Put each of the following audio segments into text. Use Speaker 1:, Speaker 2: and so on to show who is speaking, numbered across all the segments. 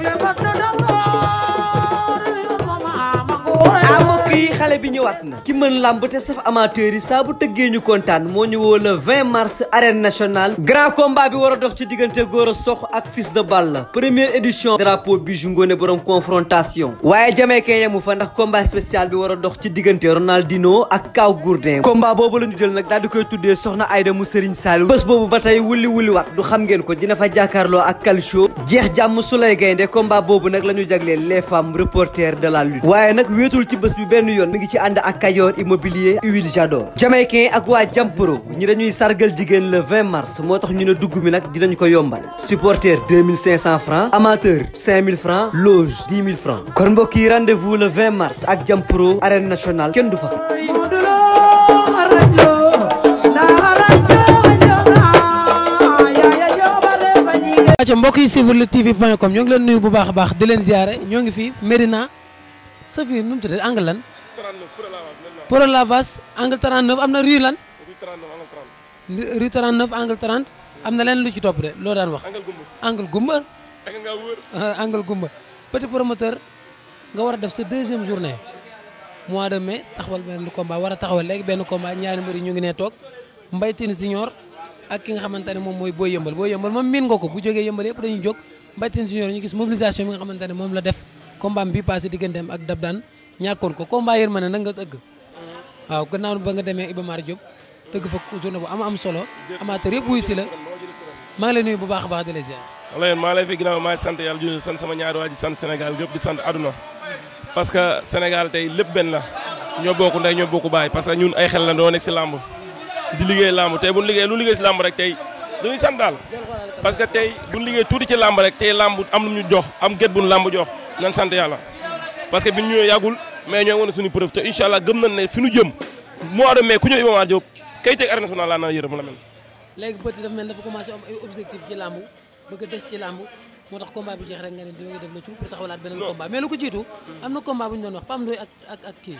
Speaker 1: a ah a yi xale bi ñëwaat na ki mën làmb te saf amateur yi saa tëggee ñu kontaan moo ñu woo le 20 mars arène national grand combat bi war dox ci diggante Gora Sox ak Fils de Balla première édition drapeau bi ju ngoone borom confrontation waaye jamaykee yemu fa ndax combat spécial bi war a dox ci diggante Ronaldinho ak Kaw Gourdin combat boobu la ñu jël nag daal di koy tuddee soxna Aïda mu Serigne Saliou bés boobu ba tey wulli wulli wat du xam ngeen ko dina fa jàkkaarloo ak Calcio jeex jàmm su lay gaynde combat boobu nag la ñu jagleel les femmes reporters de la lutte waaye nag wéetul ci bés bi benn yoon mi ngi ci ànd ak Kayor immobilier huile Jador jamaïcain ak waa Jampro ñi dañuy sargal jigéen le 20 mars moo tax ñu ne dugg mi nag dinañ ko yombal supporter 2500 francs amateur 5000 francs loge 10 000 francs kon mbokk yi rendez-vous le 20 mars ak Jampro arène national kenn du fa aca mbokk yi suivre Lutte TV point com ñoo ngi leen nuyu bu baax a baax di leen ziare ñoo ngi fi Medina sa fi nu mu Pour la Vasse angle 39 am na rue lan. rue 39 angle 30. am na leen lu ci topp de loo daan wax. angle gumba angle gumba ah, petit promoteur nga war a def sa deuxième journée mois de mai taxawal benn combat war a taxawal léegi benn combat ñaari mbir ñu ngi ne toog Mbaye Tine Junior ak ki nga xamante ne moom mooy Boy Yeumbeul Boy Yeumbeul moom miin nga ko bu jógee Yeumbeul yëpp dañu jóg Mbaye Tine Junior ñu gis mobilisation bi nga xamante ne moom la def combat bi passé digganteem ak Dab Daan ñàkkoon ko combat yërmande nag nga tëgg waaw nga demee Iba Mar tëgg fa journée bu am am solo amateur yëpp wuy si la maa ngi bu baax a baax di la ziar
Speaker 2: wala yéen maa lay fi ginnaaw maa ngi sant yàlla di sant sama ñaari waa ji sant Sénégal tey lépp benn la ñoo bokk ndey ñoo bokk baay parce que ñun ay xel la doo nekk si làmb di liggéey làmb tey bu ñu liggéey lu liggéey si làmb sant daal parce que tey bu ñu liggéey tuuti ci làmb rek tey làmb am lu ñu jox am gét bu ñu làmb jox nañ sant yàlla parce bi ñu yàggul mais ñoo ngi wane suñu preuve te incha allah gëm nañ ne fi ñu jëm mois de mai ku ñëw Iba Mar Diop kay teg arène nationale laa na yërëm la mel.
Speaker 1: léegi Petit dafa mel dafa commencé am ay objectif ci làmb bëgg a des ci làmb moo tax combat bi jeex rek nga ne dina def la ci ko jiitu am na combat kii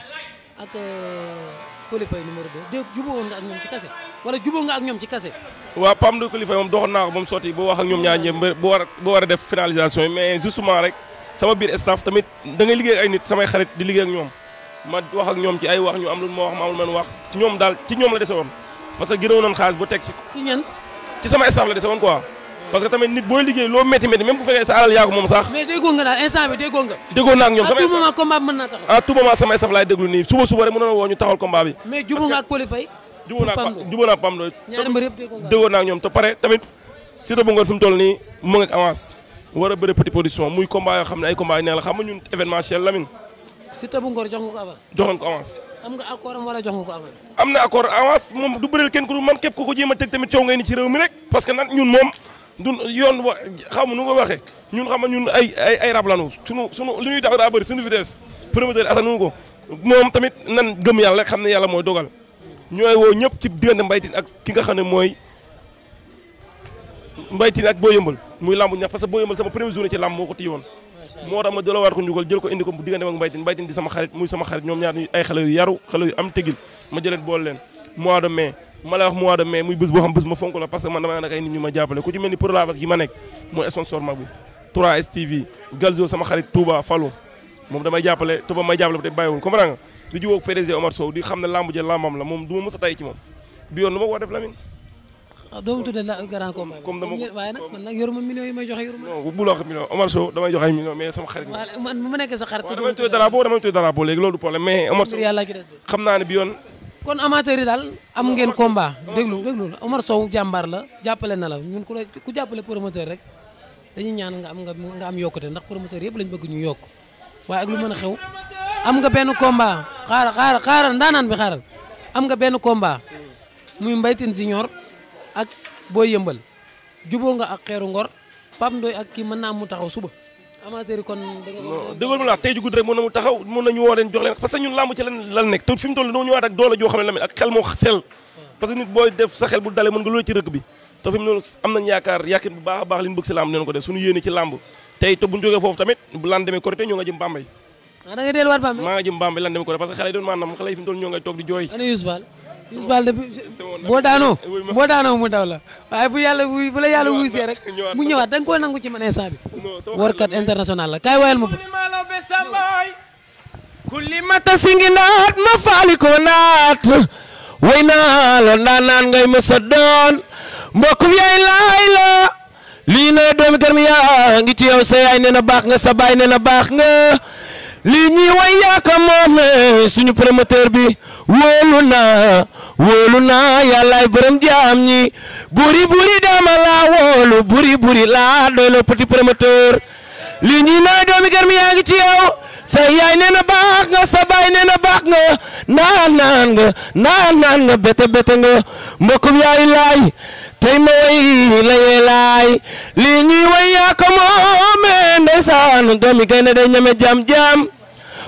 Speaker 1: ak euh, Coly Faye numéro 2 dégg woon nga ak ñoom ci kase wala jubóo nga ak ñoom ci kase
Speaker 2: waa Pam Ndoye Coly Faye moom doxoon naa ko ba mu sotti boo wax ak ñoom ñaar ñëpp ba war ba war def finalisation mais justement rek sama biir staff tamit da liggéey ak ñoom ma wax ñoom ci ay wax ñu am lu ma wax ma amul man wax ñoom daal ci ñoom la dese parce que gënoon nañ xaalis bu teg ci sama staff la dese woon quoi parce que tamit nit booy liggéey loo métti métti même bu fekkee sa alal yaa ko moom sax
Speaker 1: mais déggoo nga daal instant bi déggoo nga déggoo naa ak ñoom mën naa taxaw
Speaker 2: à tout moment sama staff laay déglu nii suba suba rek mënoon woo ñu taxawal combat bi mais naa ak ñoom te pare tamit surtout bu war a bëre petit production muy combat yoo xam ne ay combat yu xam nga ñun événementiel Lamine.
Speaker 1: Siteu bu Ngor jox nga ko avance. jox nañ ko avance. am nga accord am wala jox nga ko avance.
Speaker 2: am na accord avance moom du bëreel kenn ku man képp ku ko jéem ma teg tamit coow ngay ni ci réew mi rek. parce que nag ñun moom du yoon wa nu ko waxee ñun xam ñun ay ay ay rab lañu sunu sunu li ñuy daw daa bëri sunu vitesse promoteur atanu ko moom tamit nan gëm yàlla rek xam ne yàlla mooy dogal ñooy woo ñëpp ci diggante mbaytin ak ki nga xam ne mooy mbaytin ak boo yëmbal muy lambu ñax parce que boo yëmbal sama première journée ci lamb moo ko téye moo tax ma delloo waat ko njugal jël ko indi ko bu diggante ak mbaytin mbaytin ma jàppale ku ci mel ni pour la base gi ma nekk mooy sponsor Magu 3STV Galzo sama xarit Touba Fallou moom damay jàppale Touba may jàppale ba tey bàyyiwul comprendre nga di jiwoog PDG Omar Sow di xam ne lamb ja lambam la moom du ma a tay ci moom bi yoon lu ma ko wax def Lamine waaw
Speaker 1: ah, doo tuddee la grand combat comme dama ko waaye nag man nag yoruma millions yi may joxe yoruma.
Speaker 2: non bu loo xam million Omar Sow damay joxe ay millions mais sama xarit. waaw
Speaker 1: man damay
Speaker 2: tuddee drapeau damay tuddee drapeau loolu du problème mais. Omar
Speaker 1: Sow la jàppale na ñun ku la ku jàppale promoteur rek dañuy ñaan nga am nga am ndax promoteur yëpp lañ bëgg ñu yokk waaye a xew am nga benn am nga benn combat muy Mbaye Tine Junior ak booy yëmbal juboo nga ak xeeru ngor Pape Ndoye ak kii mën naa mu taxaw suba amateur yi kon
Speaker 2: dëggal ma la tey ji guddi rek mën na mu taxaw mën nañu woo leen jox leen parce nit booy def sa xel bu dalee mën nga loolu ci rëkk bi te fi noonu am nañ yaakaar yaakin bu baax a baax li bëgg si làmb neen ko def suñu yéene ci làmb tey te bu ñu foofu tamit bu lan demee korité ñoo nga jëm Bambey ah, maa nga jëm Bambey lan demee korité parce xale yi doon maanaam xale boo daanoo boo daanoo mu daw la
Speaker 1: bu yàlla bu la yàlla wuusee rek mu ñëwaat da nga koo nangu ci man instant
Speaker 3: bi warkat international la kaay wayal ma fa kulli mata singi naat ma faali ko naat way naa la naan naan ngay mësa doon mbokkum yaay laay la lii na doomi kër mi yaa ngi ci yow sa yaay nee na baax nga sa baay nee na baax nga lii ñuy way yaaka moom suñu promoteur bi wóolu naa wóolu naa yàllaay bërëm jaam ñi buri buri dama laa wóolu buri buri laa doyloo petit promoteur lii ñuy naa doomi gar mi yaa ngi ci yow sa yaay nee na baax nga sa baay nee na baax nga naan naan nga naan naan nga bete bete nga mbokkum yaay laay tey ma way la yeelaay lii ñuy way yaa ko moome ndeysaan gaynde day ñeme jam-jam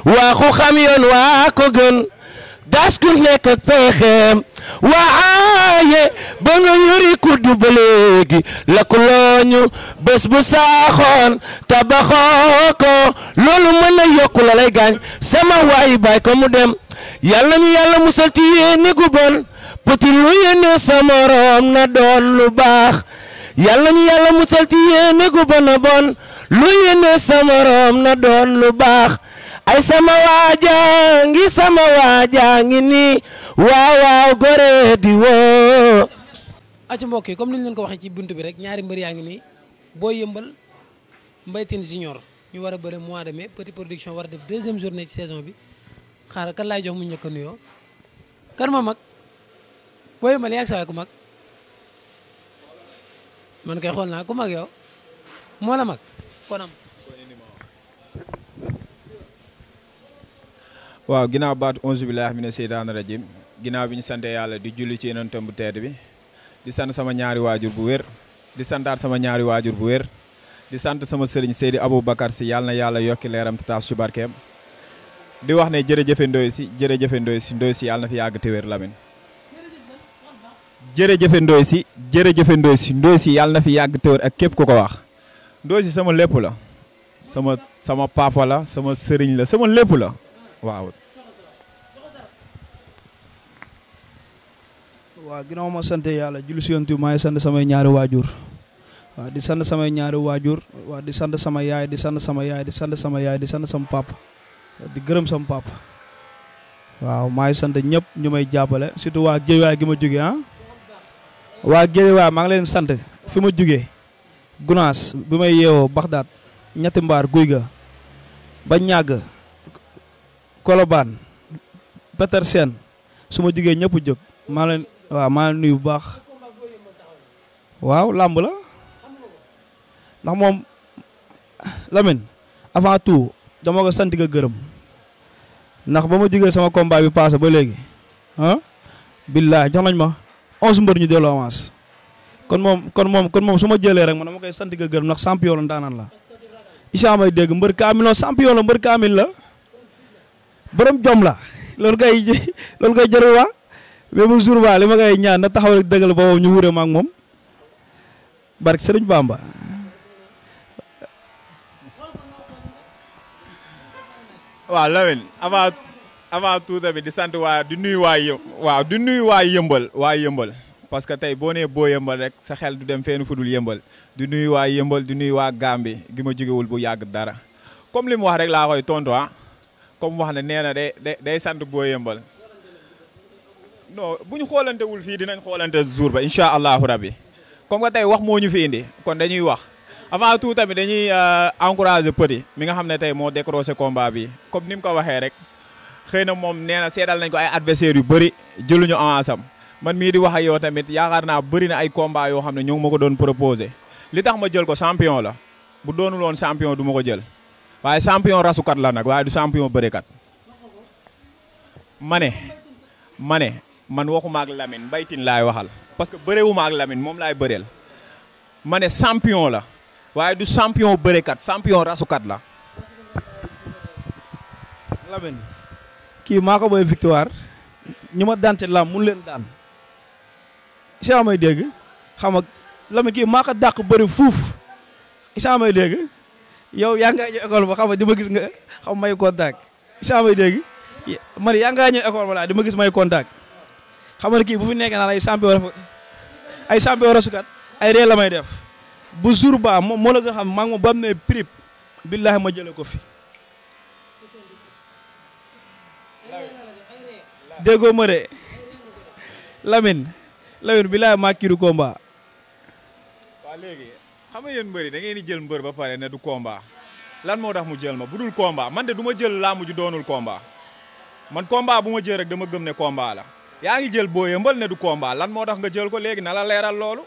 Speaker 3: waa xam yoon waa gën das ku nekk ak pexeem waaye ba nga yori kudd ba léegi la ku looñu bu saaxoon tabaxoo ko loolu mën na yokku la lay gaañ sama waayi bàyyi ko mu dem yàlla ñu yàlla musal ci yéene gu bëti lu yéene sa moroom na doon lu baax yàlla ñu yàlla musal ci yéene gu bon a lu yéene sa moroom na doon lu baax ay sama waajaa ngi sama waajaa ngi nii waaw waaw gore di woo
Speaker 1: aca mbokk yi comme ni ñu leen ko waxee ci bunt bi rek ñaari mbër yaa ngi nii Boy Yeumbeul Mbaye Tine Junior ñu war a bëre mois de mai Petit Production war a def deuxième journée ci saison bi xaaral kan laay jox mu njëkk a nuyoo kan ma mag booy yëmbal yaa ngi sa waay ku mag man kay xool naa ku mag yow moo la mag kon am.
Speaker 4: waaw ginnaaw baatu onze billahi mina seytaani rajim ginnaaw bi ñu sante yàlla di julli ci yeneen tëmb tedd bi di sant sama ñaari waajur bu wér di santaat sama ñaari waajur bu wér di sant sama sëriñ Seydi Aboubacar si yàlla na yàlla yokki leeram te taas ci barkeem di wax ne jërëjëfe Ndoye si jërëjëfe Ndoye si Ndoye si yàlla na fi yàgg te wér jërëjëfe Ndoye Sy jërëjëfe Ndoye si Ndoye si yàlla na fi yàgg tëwër ak képp ku ko wax Ndoye si sama lépp la sama sama papa la sama sëriñ la sama lépp la waaw.
Speaker 5: waaw ginnaaw ma sant yàlla julli si yonent bi maa samay ñaari waajur waaw di sant samay ñaari waajur waaw di sant sama yaay di sant sama yaay di sant sama yaay di sant sama papa di gërëm sama papa waaw maa ngi sant ñëpp ñu may jàppale surtout waa géewaay gi ma jógee ah. waa Guédiawaye maa ngi leen sant fi ma jugee Gunaas bi may yeewoo Baxdaat ñetti mbaar guy ga ba ñàgg Kolobaan Petersen su ma jugee ñëpp jóg maa leen bu baax waaw làmb la ndax moom lamin avant tout dama ko sant ga gërëm ndax ba ma jugee sama combat bi passé ba léegi ah billaay jox nañ ma. onze mbër ñu delloo avance kon moom kon moom kon moom su ma jëlee rek man dama koy sant ga gërëm ndax champion la ndaanaan la Issa may dégg mbër kaamil non champion la mbër kaamil la borom jom la loolu koy loolu koy jërul waa mais bu jour ba li ma kay ñaan na taxaw rek dëggal boobu ñu wuure ma ak moom barke Sëriñ Bamba
Speaker 4: waaw Lamine avant avant tout tamit di sant waa di nuyu waa yë waa yëmbal parce que tey boo nee boo yëmbal rek sa xel du dem fenn fudul yëmbal du nuyu waa yëmbal du nuy waa Gàmbi gi ma bu yàgg dara comme li mu wax rek laa koy tontu a ah. comme wax ne nee na day day sant boo yëmbal no bu ñu xoolantewul fii dinañ xoolante jour ba incha allahu rabbi comme que tey wax moo ñu fi indi kon dañuy wax avant tout tamit dañuy euh, encourager petit mi nga xam ne tey moo décroché combat bi comme ni mu ko waxee rek xëy na moom nee na seedal nañ ko ay adversaires yu bëri jëluñu avance man mii di wax ak yow tamit yaakaar naa bëri na ay combat yoo xam ne ñoo ma ko doon proposé li tax ma jël ko champion la bu doonul woon champion du ma ko jël waaye champion rasukat la nag waaye du champion bërekat ma ne ma ne man waxuma ak Lamine mbaytin laay waxal parce que bërewuma ak Lamine moom laay bëreel ma ne champion la waaye du champion bërekat champion rasukat la
Speaker 5: Lamine kii maa ko booy victoire ñu ma daan ci lam mun leen daan isa dégg xam nga Lamine kii maa ko dàq bëri fuuf isa may dégg yow yaa ngaa ñëw école ba xam nga di ma gis nga xam may contact isa may dégg man yaa ngaa ñëw école ba laa di ma gis may contact xam nga kii bu fi nekkee naan ay sampi war ay sampi war sukat ay ree la may def bu jour ba moo la gën xam maa ngi ma ba am ne prip billaahi ma jële ko fi déggoo ma de Lamine bilaay maa kii du combat.
Speaker 4: waaw léegi xam nga yéen mbër da ngeen di jël mbër ba pare ne du combat lan moo tax mu jël ma bu dul combat man de du ma jël laamu ju doonul combat man combat bu ma jël rek dama gëm ne combat yaa ngi jël boo yëmbal ne du combat lan moo dax nga jël ko léegi nala leeral loolu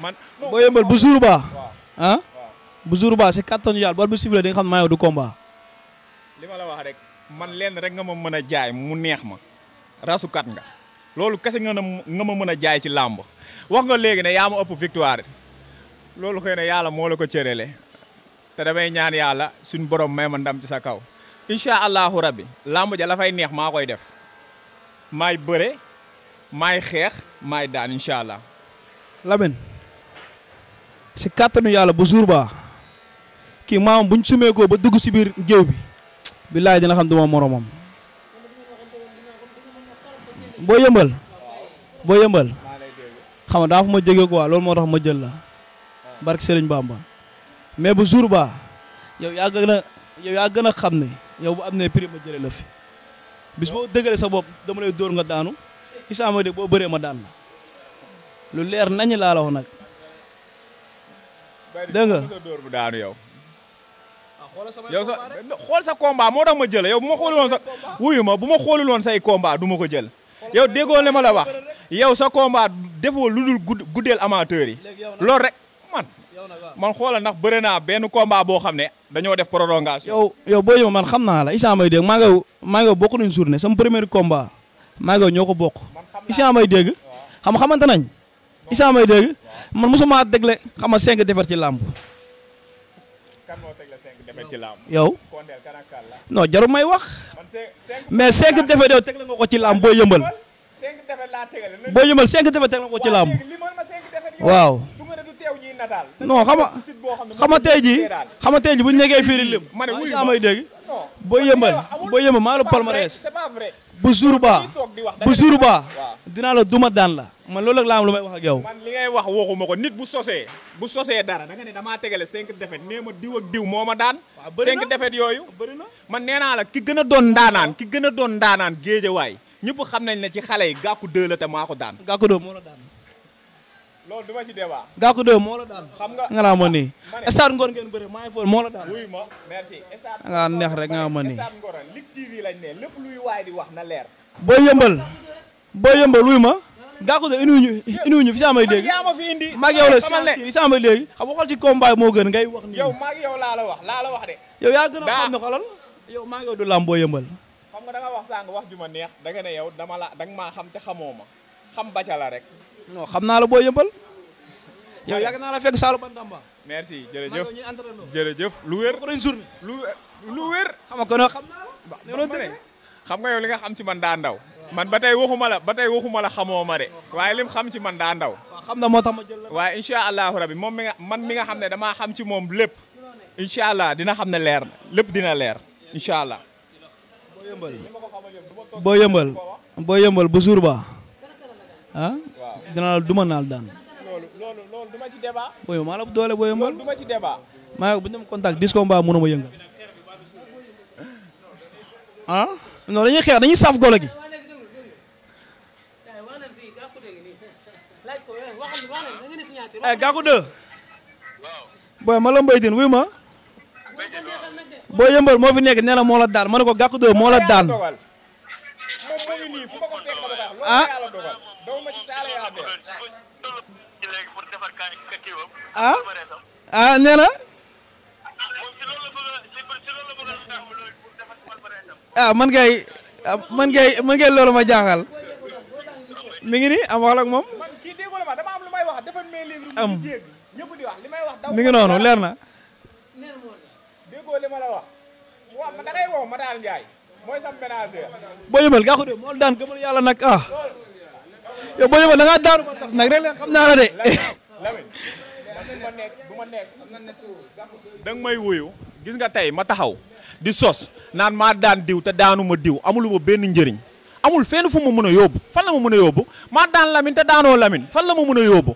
Speaker 4: man.
Speaker 5: boo yëmbal bu jour ba ah. bu jour ba si kattan yàlla bor bi sifflé di nga xam ne du combat.
Speaker 4: li ma la wax rek man leen rek nga ma mën a jaay mu neex ma rasukat nga. loolu kese nga nga ma mën a jaay ci làmb wax nga léegi ne yaa ma ëpp victoire loolu xëy na yàlla moo la ko cëralee te damay ñaan yàlla suñu borom may ma ndam ci sa kaw. incha allahu rabbi làmb ja la neex maa koy def maay bëre maay xeex maay daan incha allah.
Speaker 5: Lamine si kàttanu yàlla bu jour baax kii maam buñ sumee ba dugg si biir géew bi billaay dina xam duma moromam. boo yëmbal boo yëmbal xam nga daa fa ma jege quoi loolu moo dax ma jël la barke Serigne Bamba mais bu jour baa yow yaa gën a yow gën a xam ne yow bu am ne prix ma jëlee la fi bis boo dëgalee sa bopp dama lay dóor nga daanu Issa Amady boo bëree ma daan lu leer nañu laa nag.
Speaker 4: dégg nga dóor bu daanu yow. Ah, yow sa xool sa combat moo dax ma jël yow bu ma xooluloon sa wuyu ma bu ma xooluloon say du ma ko jël. yow déggoo li ma la wax yow sa combat defoo lu dul guddeel amateur yi lool rek man man xoola ndax bëri naa benn combat boo xam ne dañoo
Speaker 5: def prolongation. yow yow boo ñëw man xam naa la Issa may dégg maa ngi bokk nañ journée sama premier combat maa ngi ko bokk Issa may dégg xam xamante nañ may dégg man mosuma dégle xam a cinq defar ci làmb.
Speaker 4: yow non jarul may wax mais cinq défaites yow teg la nga ko ci làmb booy yëmbal.
Speaker 5: booy yëmbal cinq défaites teg la nga ko ci làmb. waaw. non xama xama tey jii xama tey jii bu ñu nekkee fii di lim. ma ne wuyu ma may dégg. booy yëmbal booy yëmbal maa la palmarès. bu jour ba bu jour ba dinaa la duma daan la. man loolu ak laa lu may wax ak yow. man
Speaker 4: li ngay wax waxuma ko nit bu sosee bu sosee dara da nga ne damaa tegale cinq défaites nee ma diw ak diw moo ma daan. cinq défaites yooyu. bëri na man nee naa la ki gën a doon ndaanaan ki gën a doon ndaanaan géejawaay ñëpp xam nañ ne ci xale yi gàkku deux la te maa
Speaker 5: daan. gàkku deux moo
Speaker 4: la daan. loolu duma ci
Speaker 5: débat. gàkku deux moo la daan.
Speaker 4: xam nga nga laa ma
Speaker 5: nii. stade Ngor ngeen bëri maa ngi fóon moo la daan. wuy ma merci. nga neex rek nga ma nii. stade Ngor Ligue lañ ne lépp luy waay di wax na leer. boo yëmbal boo yëmbal wuy ma gàkku de indiwuñu indiwuñu fi saa may dégg. yaa
Speaker 4: ma fi indi mag yow la si saa may
Speaker 5: dégg. xam waxal ci moo gën ngay wax.
Speaker 4: nii yow yow laa la wax laa wax de.
Speaker 5: yow yaa gën a xam ne xolal
Speaker 4: yow mag yow du làmboo yëmbal. xam nga da wax sànq wax ju ma neex da ne yow dama la da maa xam te xamoo ma xam baca la rek. xam naa la boo yëmbal. yow yàgg naa la fekk Saalum Bantamba. merci jërëjëf jërëjëf lu wér. lu wér. xam nga yow li nga xam ci man daa ndaw man ba tey waxuma ba tey waxuma la xamoo ma de waaye lim xam ci man daa ndaw. xam na moo tax ma jël la waaye incha allahu rabi moom mi man mi nga xam ne damaa xam ci moom lépp incha allah dina xam ne leer na lépp dina leer incha allah.
Speaker 5: boo yëmbal boo yëmbal ba ah. dina la duma naal daan. loolu loolu loolu du ci débat. booy maa la doole boo yëmbal maa ngi bu ñu dem contact dis ko mbaa mënuma yëngal. ah non dañuy xeex ñi saaf golo gi. eh Gackou 2. booy ma la ma. boo yëmbal moo fi nekk nee na moo daan ma ne ko Gackou 2 moo la daan. ah. ah. ah nee na. ah man ngay ah, man ngay man ngay loolu ma jaaxal mi ngi ni am am ñëpp di li may wax daw mi ngi noonu leer na
Speaker 4: déggoo li ma la wax waaw ma da ngay
Speaker 5: de moo daan gëmal yàlla nag ah yow boo da ngaa daanu ma tas nag rek leen xam naa de Lamine
Speaker 4: ma nekk da nga may wuyu gis nga tey ma taxaw di sos naan maa daan diw te daanu ma diw amul ma benn njëriñ amul fenn fu ma mun a yóbbu fan la ma mën a yóbbu maa daan Lamine te daanoo Lamine fan la ma mën a yóbbu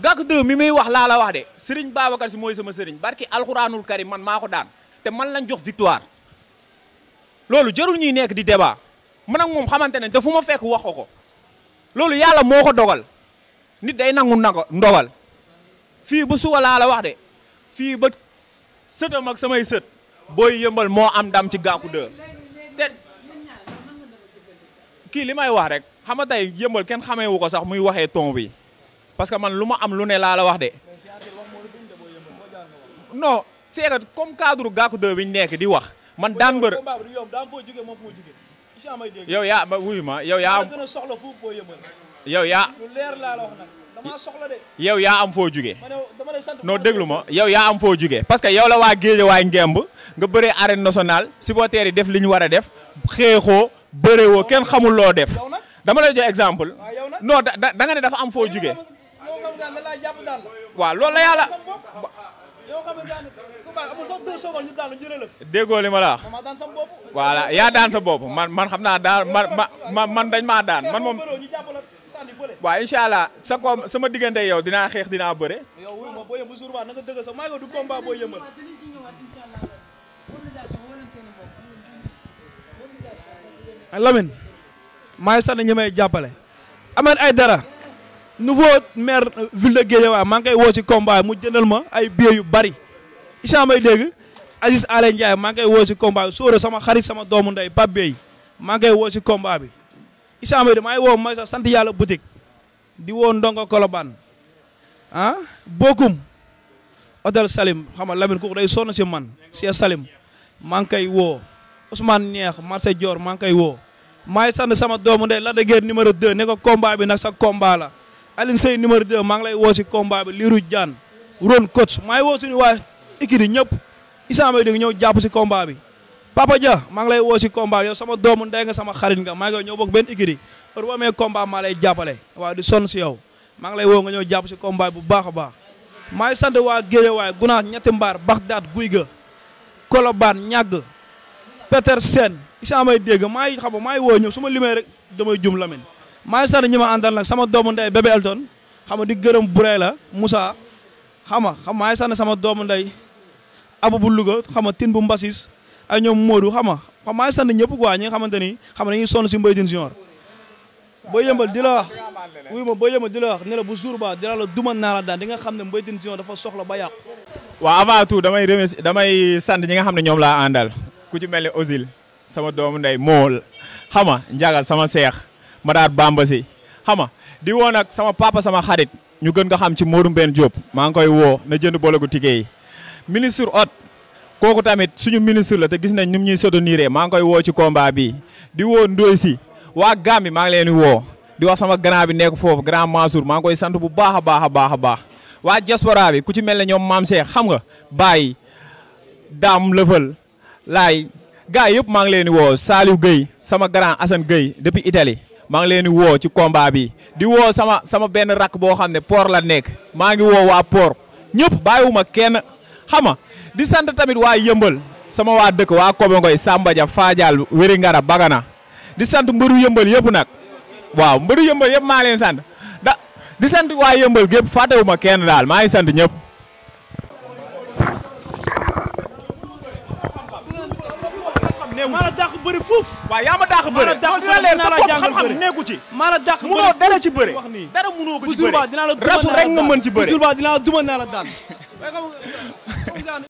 Speaker 4: Gackou 2 mi muy wax laa la wax de Serigne Babacar Sy mooy sama Serigne barki alxuraanul kari man maa ko daan te man lañ jox victoire loolu jarul ñuy nekk di débat man ak moom xamante ne te fu ma fekk wax ko loolu yàlla moo ko dogal ni day nangu nako ndogal fii ba suba laa la wax de fii ba sëtam ak samay sët booy yëmbal moo am ndam ci Gackou 2 te kii li may wax rek xam nga tey yëmbal kenn xamee ko sax muy waxee ton bi parce que man lu ma am lu ne laa la wax de. non seera comme cadre Gackou 2 bi ñu nekk di wax. man daan mbër
Speaker 5: yow yaa ma wuyu ma yow yaa.
Speaker 4: yow yaa. yow yaa am foo jugee. noo déglu ma yow yaa am foo jugee parce que yow la waa géeje waay ngemb nga bëree arène nationale supporters yi def li ñu war a def xeexoo bëree woo kenn xamul loo def dama la jox exemple. non da da ne dafa am foo jugee. waaw loolu la yàlla.
Speaker 5: déggoo li ma la
Speaker 4: wax. yaa daan sa boobu man xam naa daan man man dañ maa daan man moom. waaw incha allah sa ko sama diggante yow dinaa xeex dinaa bëre.
Speaker 5: Lamine maa ngi sant ñi may jàppale. Ahmed Aidara. nouveau maire ville de Guédiawaye maa ngi koy woo si combat mu jëndal ma ay billets yu bari Issa may dégg Aziz Alain Ndiaye maa ngi woo si combat bi Soro sama xarit sama doomu ndey Pape maa ngi koy woo ci combat bi Issa maa ngi woo may sax sant yàlla boutique di woo Ndongo Kolobaan ah Bokum Hôtel Salim xam nga Lamine kooku day sonn si man si Salim maa ngi koy woo Ousmane Neex marché joor maa ngi koy woo maa ngi sant sama doomu ndey Lac de Guiers numéro 2 ne bi nag sa combat Alioune Seye numéro 2 maa ngi lay woo si combat bi Lirou Diane Ron coach maa ngi woo suñu waa yi ñëpp Issa Mbaye ñëw jàpp si combat bi Papa Dia maa ngi lay woo si combat sama doomu ndey nga sama xarit nga maa ngi ñëw bokk benn équipe yi heure boo maa lay jàppale waa di sonn si yow maa ngi lay nga ñëw jàpp si combat bu baax a baax maa ngi sant waa Guédiawaye Gunaas ñetti mbaar Bagdad guy ga Colobane ñàgg Petersen Issa Mbaye dégg maa ngi xam maa ngi woo ñëw su ma rek damay jum maa ngi sant ñi ma àndal nag sama doomu ndey bébé Elton xam nga di gërëm Burey la Moussa xam nga xam maa ngi sant sama doomu ndey Abu bu Louga xam nga tin bu Mbassis ay ñoom Modou xam nga xam maa ngi sant ñëpp quoi ñi nga xamante ni xam nga dañuy sonn si Mbaye Tine Junior boo yëmbal di la wax wuy boo yëmbal di la wax ne la bu jour ba dina la duma naa la daan di nga xam ne Mbaye Tine Junior dafa soxla ba yàqu.
Speaker 4: waa avant tout damay damay sant ñi nga xam ne ñoom laa àndal ku ci mel ne Ozil sama doomu ndey Mool xam nga Ndiagal sama seex. ma daat bamba si xam nga di woo nag sama papa sama xarit ñu gën nga xam ci Modou benn Diop maa ngi koy woo na jënd bologu ticket yi ministre ot kooku tamit suñu ministre la te gis nañ ni mu ñuy soutenir maa ngi koy woo ci combat bi di woo Ndoye si waa Gambie maa ngi leen di woo di wax sama grand bi nekk foofu grand Mansour maa ngi koy sant bu baax a baax a baax a baax waa diaspora bi ku ci mel ne ñoom maam Cheikh xam nga bàyyi daam lëfal laay gars yëpp maa ngi leen di woo Saliou Gueye sama grand Assane Gueye depuis Italie maa ngi leen di woo ci combat bi di woo sama sama benn rakk boo xam ne port la nekk maa ngi woo waa port ñëpp bàyyiwuma kenn xam nga di sant tamit waa yëmbal sama waa dëkk waa Kobangoy Samba Dia Fadial Wéri Ngara Bagana di sant mbëru yëmbal yëpp nag waaw mbëru yëmbal yëpp maa leen sant da di sant waa yëmbal gépp ma kenn daal maa ngi sant ñëpp. néew maa la dàq bëri fuuf waaw yaa ma dàq bëri dina leer sa bopp xam-xam
Speaker 5: ci maa la dàq munoo dara ci bëri dara munoo ko ci bëri rasu rek nga mën ci bëri bu jour ba dinaa la duma naa la daan